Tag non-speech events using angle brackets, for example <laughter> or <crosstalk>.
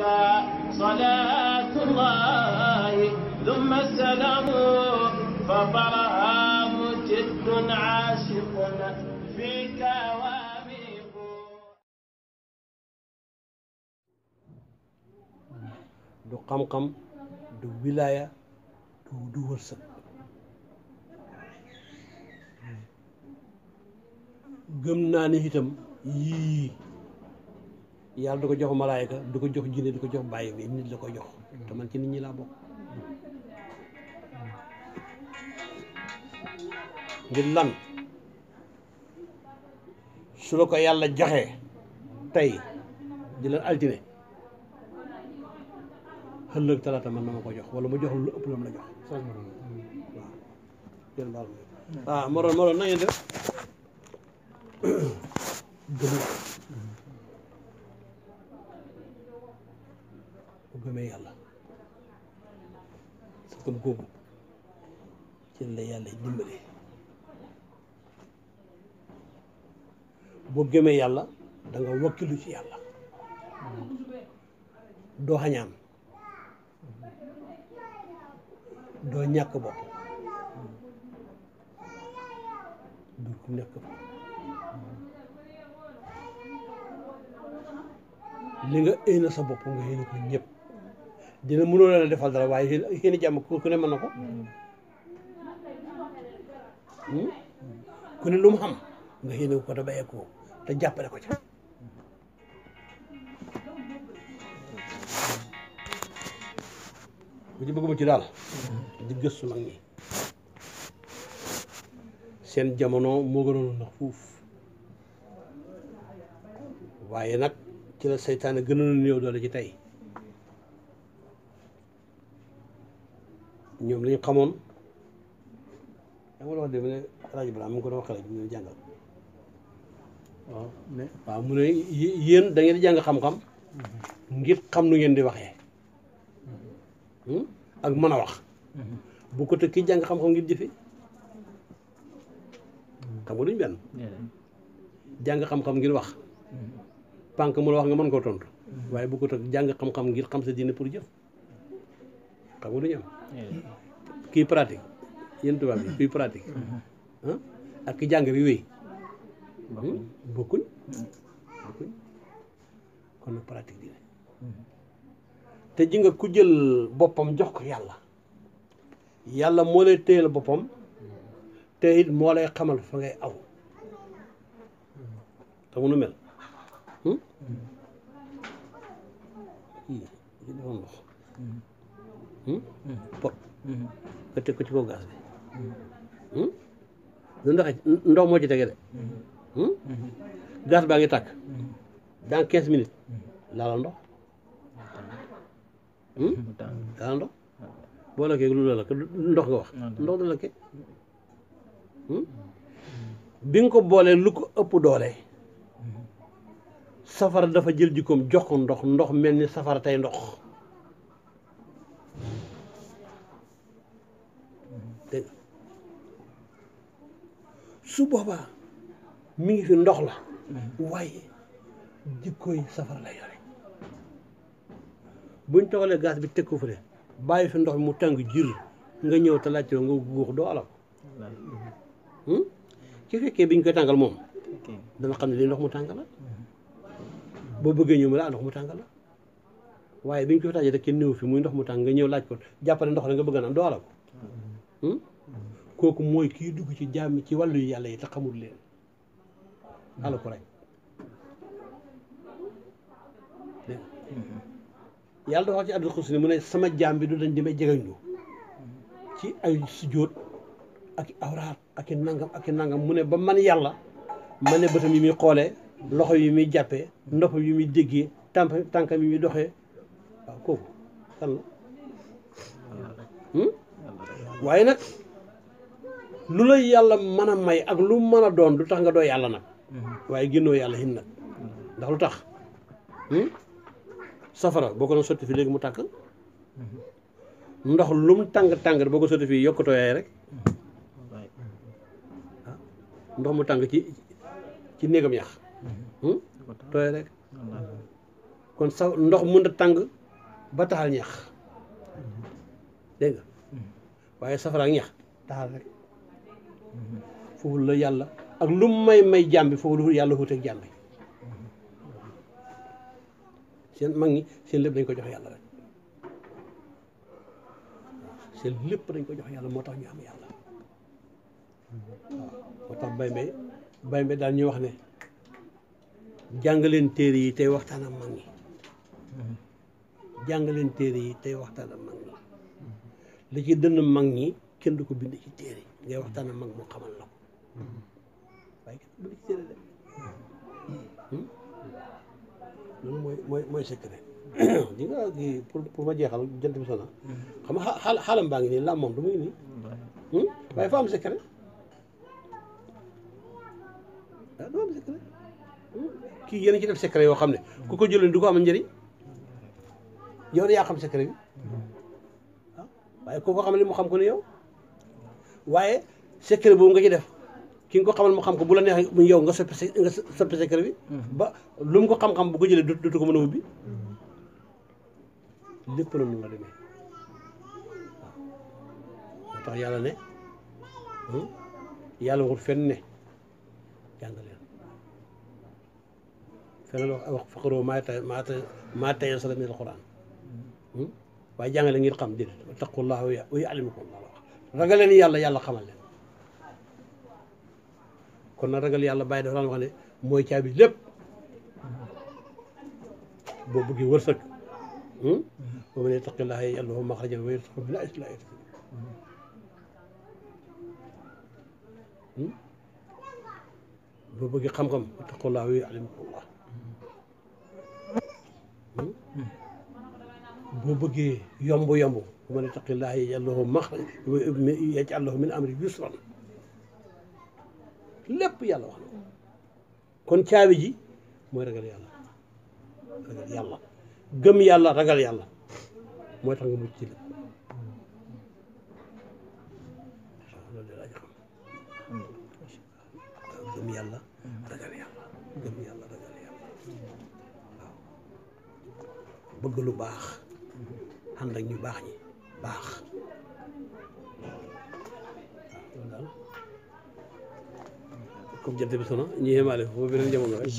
عليك صلاة الله ثم السلام فطرها مجد عاشق فيك واميق du xam-xam du wilaaya du du wërsëg gëm naa ni itam yii yàlla du ko jox malaayka du ko jox jinne du ko jox bàyyi bi nit la ko jox te ci nit ñi laa bokk ngir lan su la ko yàlla joxee tey di leen altine ëllëg talaata man na ko jox wala mu jox lu ëpp la mu la jox waaw waaw moroon moroon def <coughs> bu gëmee yàlla sa gëm ci yàlla boo gëmee yàlla da nga wakkilu ci yàlla doo xañaan doo ñàkk bopp du nekk li nga éy na sa bopp nga éy ko ñëpp dina mënoo leen a defal dara waaye xëy na jàmm ku ne mën na ko hmm? ku ne lu mu xam nga xëy ko te ko te jàppale ko ca bu ci bëgg bu ci daal di gëstu mag ñi seen jamono moo gënoon ndax fuuf waaye nag ci la seytaane gënoon néew doole ci tey ñoom lañu xamoon dama la wax de mu ne rajo bi mu ngi ko doon waxee mu jàngal waaw waaw mu ne yéen jàng xam-xam ngir xam nu ngeen di waxee hmm? ak mën a wax bu ko te kii jàng xam-xam ngir jëfe xam nga duñ benn jàng xam-xam ngir wax hmm. pànk mu la wax nga mën koo tontu waaye bu ko te jàng xam-xam ngir xam sa diine pour jëf xam nga eh. kii pratique yéen tubaab yi kii pratique. Mm-hmm. Ah? ak ki jàng bi wéy. Hmm? bokkuñ bokkuñ kon nag pratique dina mm-hmm. te ji nga ku jël boppam jox ko yàlla. yàlla moo lay téyel boppam te it moo lay xamal fa ngay aw xam mm-hmm. nu mel hmm? pot nga teg ko ci kaw gaz bi lu hmm. hmm? ndox ndox moo ci tege de hmm. gaz baa ngi tàkk dans quinze minutes laala ndox laala ndox boo lakkee lu la lakk ndox nga wax ndox la lakke bi nga ko boole lu ko ëpp doole safara dafa jël jikkoom jox ko ndox ndox mel ni safara tey ndox su boobaa mi ngi fi ndox la mm-hmm. waaye jikkooy safara la yore buñ toxalee gaz bi teg ko fële bàyyi fi ndox mu tàng jir nga ñëw te laajtoo nga guux doo alal mm-hmm. hmm? ci fekkee biñ koy tàngal moom dana xam ne li ndox mu tàngal la mm-hmm. boo bëggee ñëw mu laa ah, ndox mu tàngal la waaye biñ ko fi taajee rek kenn néew fi muy ndox mu tàng nga ñëw laaj ko jàppale ndox la nga bëgg a naan doo alal kooku mooy kiy dugg ci mi ci wàllu yàlla yi te xamul leen ala ko rek yàlla dafa wax ci àdduna xus mu ne sama jaam bi du dañ di may jegañu ci ay sujjóot ak awraat ak i nangam ak i nangam mu ne ba man yàlla ma ne bëtam yi muy xoole loxo yi muy jàppee noppam yi muy déggee tànkam yi muy doxe waaw kooku hmm? waaye nag lu la yàlla mën a may ak lu mën a doon lu tax nga doo yàlla nag mm-hmm. waaye génnoo yàlla him nag ndax lu tax hmm? safara boo ko doon sotti fi léegi mu tàkk mm-hmm. ndox lu mu tàng tàng boo ko sotti fii yokkutoo yaay rek mm-hmm. ah? ndox mu tàng ci ci néegam ñax hmm? tooy rek kon sa ndox mën a tàng ba taxal ñax dégg waaye safara ak ñax foofu la yàlla ak lu may may jàmbi foofu lu yàlla xuuteeg jàmbi seen mag ñi seen lépp dañ ko jox yàlla rek seen lépp dañ ko jox yàlla moo tax ñu am yàlla moo tax bay mbay bay mbay daal ñuy wax ne jàngaleen téere yi tey waxtaan ak mag ñi jàngaleen téere yi tey waxtaan ak mag ñi la ci dënn mag ñi kenn du ko bind ci téere ngay waxtaan ak mag moo xamal la ko waaye kenn ci téere de hmm? Hmm? loolu mooy mooy mooy secret <coughs> di nga ma jeexal jant bi sona xam nga xaal xaalam baa ngi nii laam moom mu muy nii hmm? waaye fa am secret waaw ah, kii yéen ci def secret yoo xam ne ku ko jëloon du ko am njëriñ yow yaa xam secret bi waaw ah, waaye ko xam ne mu xam ko ne waaye secret boobu nga ci def ki ko xamal mu xam ko bu la neexee mu yow nga soppi nga soppi bi ba lu mu ko xam-xam bu ko jëlee dootu ko mën a ubbi lépp noonu la demee waaw moo tax yàlla ne hmm, yàlla waxul fenn ne jàng leen feneen wax wax faqaroo maa tay maa tay maa tayasara min alquran hmm? waaye jàng ngir xam déedéet wattaqullaha wa yu'allimukum allah ragaleen yàlla yàlla xamal leen kon na ragal yàlla bàyyi dafa daan wax ne mooy caabi lépp boo bëggee wërsëg hmm? wa man yattaqillaha yaj'al lahu makhrajan wa yarzuqhu min haythu laa yahtasib hmm? boo bëggee xam-xam wattaqullaha wa yu'allimukumullah hmm? mu bëggee yomb yomb bu ma ne taqillaahi yaj'al lahu maxrajan yaj'al lahu min amri yusran lépp yàlla wax na ko kon caabi ji mooy ragal yàlla ragal yàlla gëm yàlla ragal yàlla mooy tax nga mucc ci lépp loolu laa xam gëm yàlla ragal yàlla gëm yàlla ragal yàlla waaw bëgg lu baax ànd ak ñu baax ñi baax comme jant bi sono ñu yemaale foofu beneen jamono rek